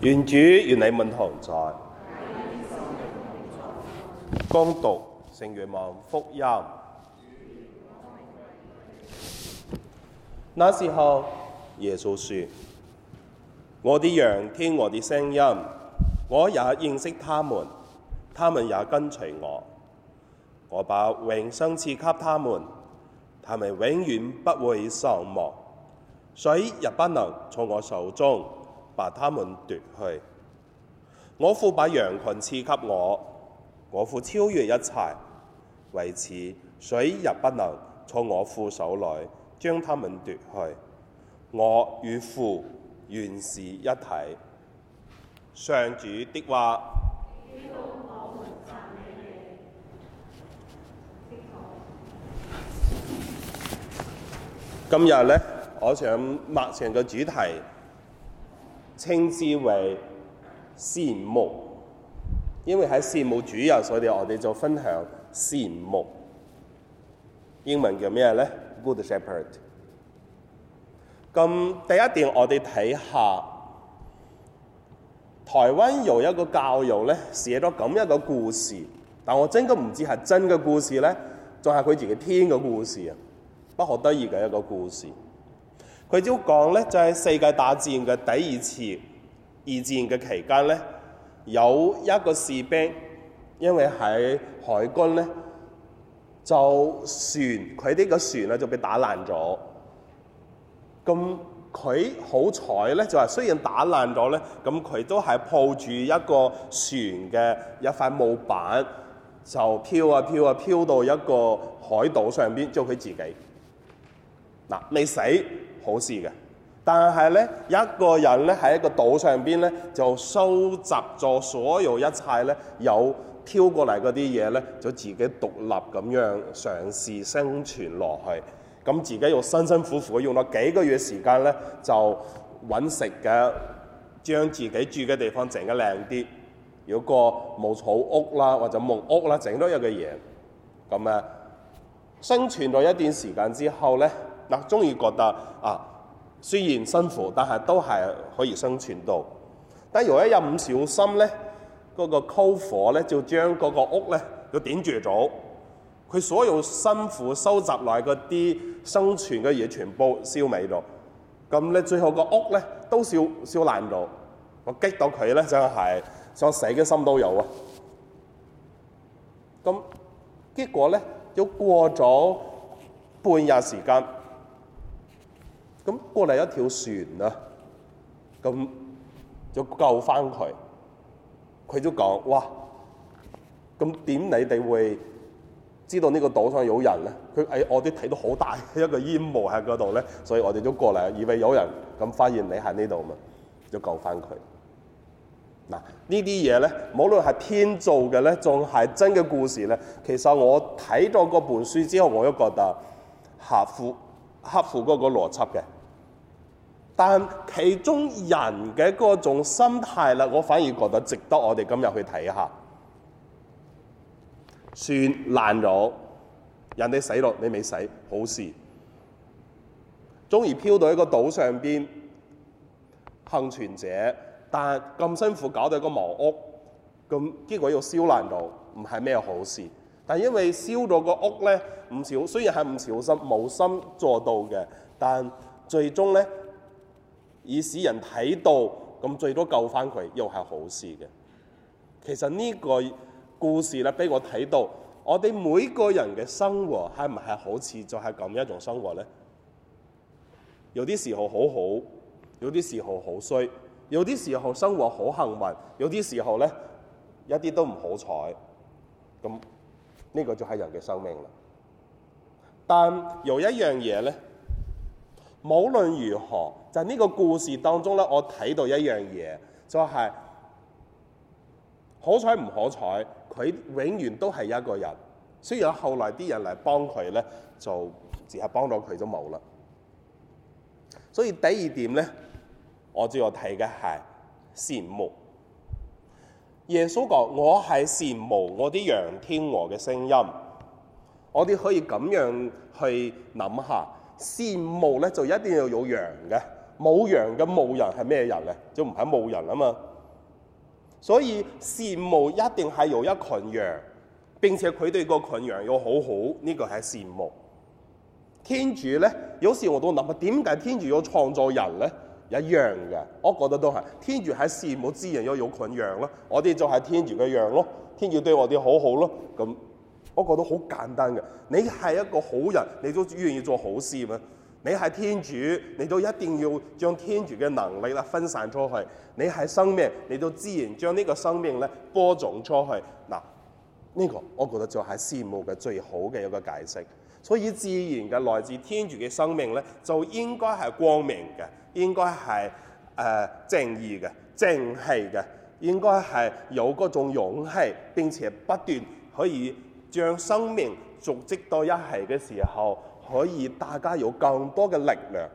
願主與你們同在，共讀聖若望福音。那時候，耶穌說：我的羊聽我嘅聲音，我也認識他們，他們也跟隨我。我把永生賜給他們，他們永遠不會喪亡，誰也不能從我手中。把他們奪去。我父把羊群賜給我，我父超越一切，為此誰也不能從我父手裏將他們奪去。我與父原是一體。上主的話。今日呢，我想默想嘅主題。稱之為善牧，因為喺善牧主日，所以我哋就分享善牧。英文叫咩咧？Good Shepherd。咁第一點，我哋睇下台灣有一個教育咧，寫咗咁一個故事，但我真都唔知係真嘅故事咧，仲係佢自己編嘅故事啊，不可得益嘅一個故事。佢就講咧，就係、是、世界大戰嘅第二次二戰嘅期間咧，有一個士兵，因為喺海軍咧，就船，佢呢個船咧就被打爛咗。咁佢好彩咧，就係雖然打爛咗咧，咁佢都係抱住一個船嘅一塊木板，就漂啊漂啊漂到一個海島上邊，做佢自己嗱你、啊、死。好事嘅，但係咧，一個人咧喺一個島上邊咧，就收集咗所有一切咧，有挑過嚟嗰啲嘢咧，就自己獨立咁樣嘗試生存落去。咁自己又辛辛苦苦用咗幾個月時間咧，就揾食嘅，將自己住嘅地方整得靚啲，如果有個冇草屋啦，或者木屋啦，整多一啲嘢。咁啊，生存到一段時間之後咧。嗱，終於覺得啊，雖然辛苦，但係都係可以生存到。但如果一唔小心咧，嗰個篝火咧就將嗰個屋咧，就點住咗。佢所有辛苦收集來嗰啲生存嘅嘢，全部燒尾咗。咁咧，最後個屋咧都燒燒爛咗。我激到佢咧，真係想死嘅心都有啊。咁結果咧，要過咗半日時間，咁過嚟一條船啊，咁就救翻佢。佢都講，哇，咁點你哋會知道呢個島上有人咧？佢誒、哎、我哋睇到好大一個煙霧喺嗰度咧，所以我哋都過嚟，以為有人咁發現你喺呢度嘛，就救翻佢。嗱，呢啲嘢咧，無論係天造嘅咧，仲係真嘅故事咧，其實我睇到嗰本書之後，我都覺得合乎合乎嗰個邏輯嘅。但其中人嘅嗰種心態啦，我反而覺得值得我哋今日去睇下。船爛咗，人哋死落你未死，好事。終於漂到一個島上邊幸存者，但咁辛苦搞到一個茅屋，咁結果要燒爛咗，唔係咩好事。但因為燒咗個屋咧唔小，雖然係唔小心冇心做到嘅，但最終咧。以使人睇到，咁最多救翻佢，又係好事嘅。其實呢個故事咧，俾我睇到，我哋每個人嘅生活係唔係好似就係咁一種生活咧？有啲時候好好，有啲時候好衰，有啲時候生活好幸運，有啲時候咧一啲都唔好彩。咁呢個就係人嘅生命啦。但有一樣嘢咧。無論如何，在、就是、呢個故事當中咧，我睇到一樣嘢，就係好彩唔好彩，佢永遠都係一個人。雖然後來啲人嚟幫佢咧，就只係幫到佢都冇啦。所以第二點呢，我主要睇嘅係善牧。耶穌講：我係善牧，我啲羊聽我嘅聲音，我哋可以咁樣去諗下。善牧咧就一定要有羊嘅，冇羊嘅牧人係咩人咧？就唔係牧人啊嘛。所以善牧一定係有一群羊，並且佢對個群羊要好好，呢、這個係善牧。天主咧，有時我都諗啊，點解天主要創造人咧？一樣嘅，我覺得都係天主係善牧自然要有群羊咯，我哋就係天主嘅羊咯，天主對我哋好好咯咁。我覺得好簡單嘅，你係一個好人，你都願意做好事嘛？你係天主，你都一定要將天主嘅能力啦分散出去。你係生命，你都自然將呢個生命咧播種出去。嗱，呢個我覺得就係事物嘅最好嘅一個解釋。所以自然嘅來自天主嘅生命咧，就應該係光明嘅，應該係誒正義嘅、正氣嘅，應該係有嗰種勇氣，並且不斷可以。將生命積蓄到一齊嘅時候，可以大家有更多嘅力量，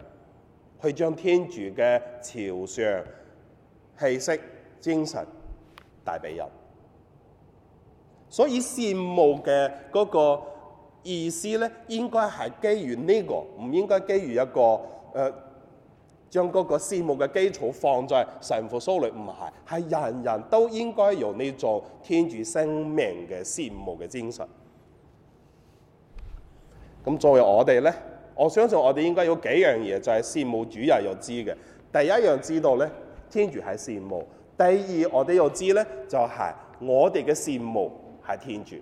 去將天主嘅朝上氣息、精神帶俾人。所以羨慕嘅嗰個意思咧，應該係基於呢、這個，唔應該基於一個誒。呃將嗰個善牧嘅基礎放在神父蘇裏，唔係，係人人都應該有呢種天主生命嘅善牧嘅精神。咁作為我哋咧，我相信我哋應該有幾樣嘢就係、是、善牧主日要知嘅。第一樣知道咧，天主係善牧；第二，我哋要知咧，就係、是、我哋嘅善牧係天主。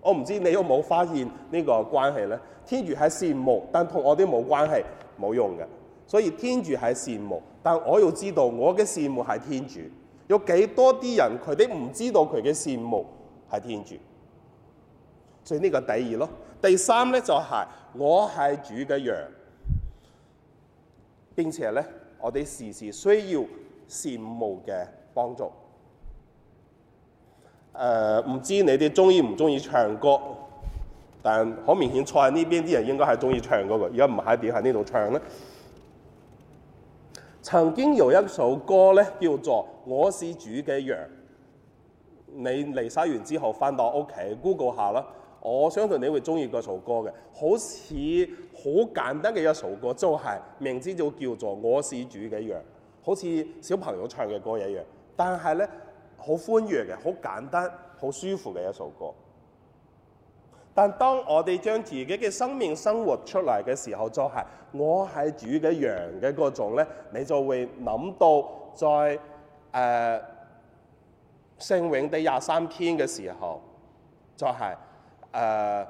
我唔知你有冇發現呢個關係咧？天主係善牧，但同我哋冇關係，冇用嘅。所以天主係善牧，但我要知道我嘅善牧係天主。有幾多啲人佢哋唔知道佢嘅善牧係天主，所以呢個第二咯。第三咧就係、是、我係主嘅羊，並且咧我哋時時需要善牧嘅幫助。誒、呃，唔知道你哋中意唔中意唱歌？但好明顯，坐喺呢邊啲人應該係中意唱歌嘅，而家唔喺點喺呢度唱咧？曾經有一首歌咧，叫做《我是主嘅羊》。你離晒完之後回，返到屋企，Google 下啦，我相信你會中意嗰首歌嘅。好似好簡單嘅一首歌，就係、是、名字就叫做《我是主嘅羊》，好似小朋友唱嘅歌一樣。但係咧，好歡躍嘅，好簡單，好舒服嘅一首歌。但當我哋將自己嘅生命生活出嚟嘅時候，就係、是、我係主嘅羊嘅嗰種咧，你就會諗到在誒聖、呃、詠地廿三天嘅時候，就係、是、誒、呃，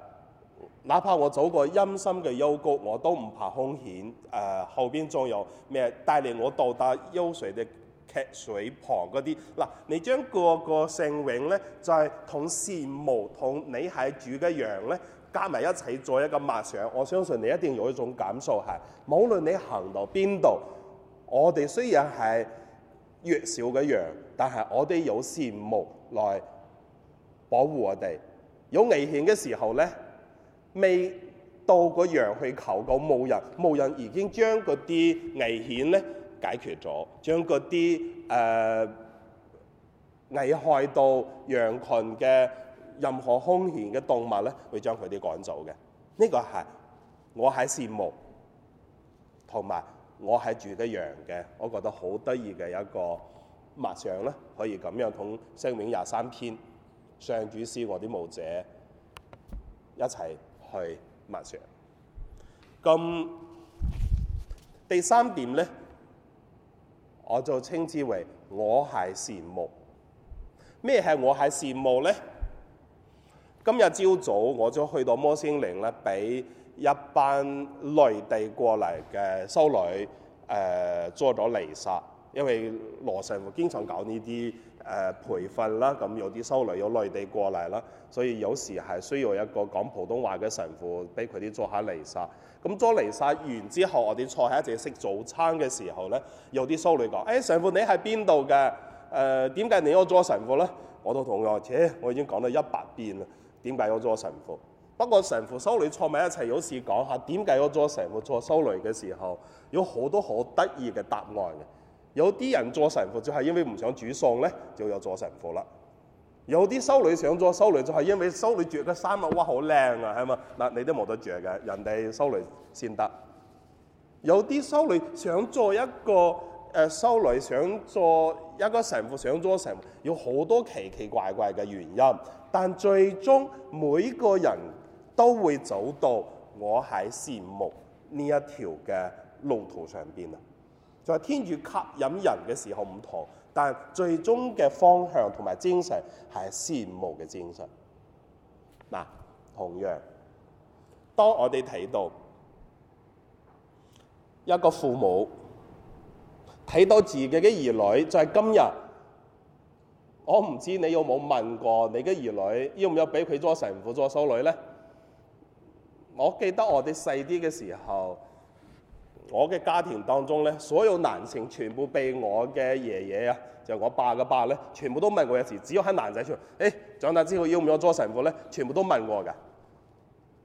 哪怕我走過陰森嘅幽谷，我都唔怕凶險。誒、呃、後邊仲有咩帶領我到達幽水嘅？赤水旁嗰啲，嗱，你將個個聖詠咧，就係同善牧同你喺主嘅羊咧，加埋一齊做一個默想。我相信你一定有一種感受係，無論你行到邊度，我哋雖然係弱小嘅羊，但係我哋有善牧來保護我哋。有危險嘅時候咧，未到個羊去求救，無人，無人已經將嗰啲危險咧。解決咗將嗰啲誒危害到羊群嘅任何風險嘅動物咧，會將佢啲趕走嘅。呢、這個係我喺羨慕，同埋我喺住得羊嘅，我覺得好得意嘅一個默想咧，可以咁樣同《聖詠》廿三篇上主係我啲牧者一齊去默想。咁第三點咧。我就稱之為我係羨慕。咩係我係羨慕咧？今日朝早我就去到摩星嶺咧，俾一班內地過嚟嘅修女誒做咗離殺。因為羅神父經常搞呢啲誒培訓啦，咁有啲修女有內地過嚟啦，所以有時係需要一個講普通話嘅神父俾佢啲做下彌撒。咁、嗯、做彌撒完之後，我哋坐喺一齊食早餐嘅時候咧，有啲修女講，誒、哎、神父你喺邊度嘅？誒點解你要做神父咧？我都同佢話，哎，我已經講咗一百遍啦，點解要做神父？不過神父修女坐埋一齊有時講下點解要做神父做修女嘅時候，有好多好得意嘅答案嘅。有啲人做神父就係因為唔想煮餸咧，就有做神父啦。有啲修女想做修女就係因為修女著嘅衫啊，哇好靚啊，係嘛？嗱，你都冇得著嘅，人哋修女先得。有啲修女想做一個誒，修女想做一個神父，想做神父，有好多奇奇怪怪嘅原因。但最終每個人都會走到我喺羨慕呢一條嘅路途上邊啊。就係天主吸引人嘅時候唔同，但係最終嘅方向同埋精神係羨慕嘅精神。嗱，同樣當我哋睇到一個父母睇到自己嘅兒，兒女，就係今日，我唔知你有冇問過你嘅兒女要唔要俾佢做神父做修女咧？我記得我哋細啲嘅時候。我嘅家庭當中咧，所有男性全部被我嘅爺爺啊，就我爸嘅爸咧，全部都問過一次。只要喺男仔出嚟，誒、欸、長大之後要唔要做神父咧，全部都問我嘅。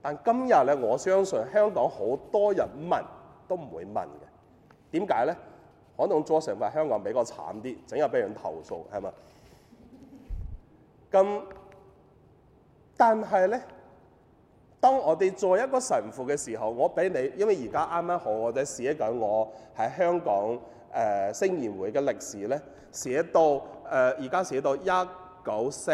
但今日咧，我相信香港好多人問都唔會問嘅。點解咧？可能做神父香港比較慘啲，整日俾人投訴係嘛？咁，但係咧。當我哋做一個神父嘅時候，我俾你，因為而家啱啱好，我哋寫緊我喺香港誒聖、呃、言會嘅歷史呢，寫到誒而家寫到一九四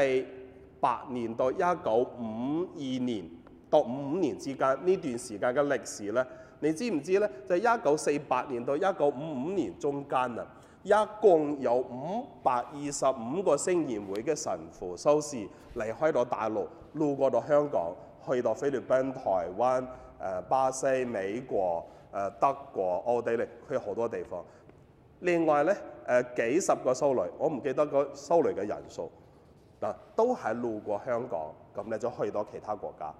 八年到一九五二年到五五年之間呢段時間嘅歷史呢，你知唔知道呢？就一九四八年到一九五五年中間啊，一共有五百二十五個聖言會嘅神父修士離開到大陸，路過到香港。去到菲律賓、台灣、巴西、美國、德國、奧地利，去好多地方。另外呢，誒幾十個修女，我唔記得個修女嘅人數，都係路過香港，咁你就去到其他國家。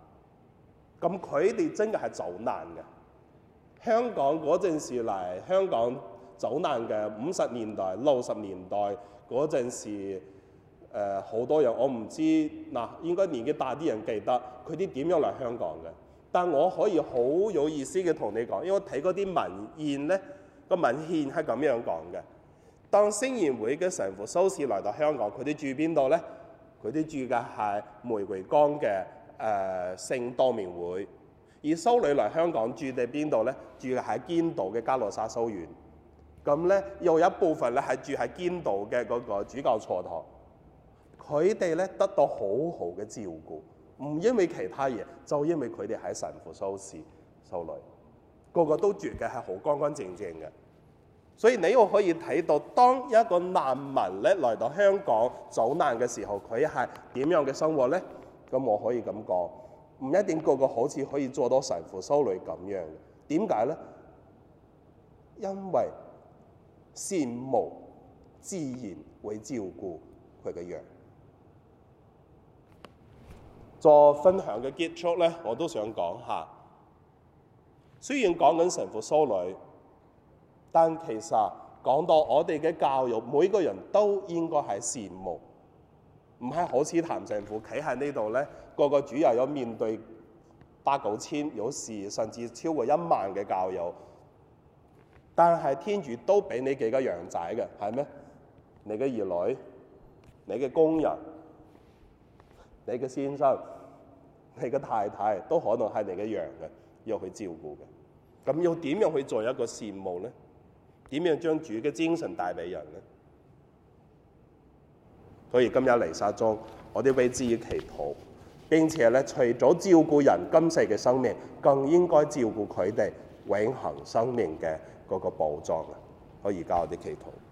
咁佢哋真係係走難嘅。香港嗰陣時嚟，香港走難嘅五十年代、六十年代嗰陣時。誒好、呃、多人，我唔知嗱，應該年紀大啲人記得佢啲點樣嚟香港嘅。但我可以好有意思嘅同你講，因為我睇嗰啲文獻咧，個文獻係咁樣講嘅。當聖言會嘅神父修士來到香港，佢哋住邊度咧？佢哋住嘅係玫瑰崗嘅誒聖多明會，而修女嚟香港住喺邊度咧？住嘅係堅道嘅加羅沙修院。咁咧又有一部分咧係住喺堅道嘅嗰個主教座堂。佢哋咧得到好好嘅照顧，唔因為其他嘢，就因為佢哋喺神父修士修女個個都住嘅係好乾乾淨淨嘅。所以你又可以睇到，當一個難民咧來到香港走難嘅時候，佢係點樣嘅生活咧？咁我可以咁講，唔一定個個好似可以做到神父修女咁樣。點解咧？因為善牧自然會照顧佢嘅羊。作分享嘅結束咧，我都想講下。雖然講緊神父修女，但其實講到我哋嘅教育，每個人都應該係羨慕，唔係好似譚神父企喺呢度咧，個個主又有面對八九千，有時甚至超過一萬嘅教友。但係天主都俾你幾個羊仔嘅，係咩？你嘅兒女，你嘅工人。你嘅先生、你嘅太太都可能係你嘅羊嘅，要佢照顧嘅。咁要點樣去做一個善牧咧？點樣將主嘅精神帶俾人咧？所以今日嚟沙莊，我哋為之以祈禱，並且咧除咗照顧人今世嘅生命，更應該照顧佢哋永恆生命嘅嗰個保障啊！可以交啲祈禱。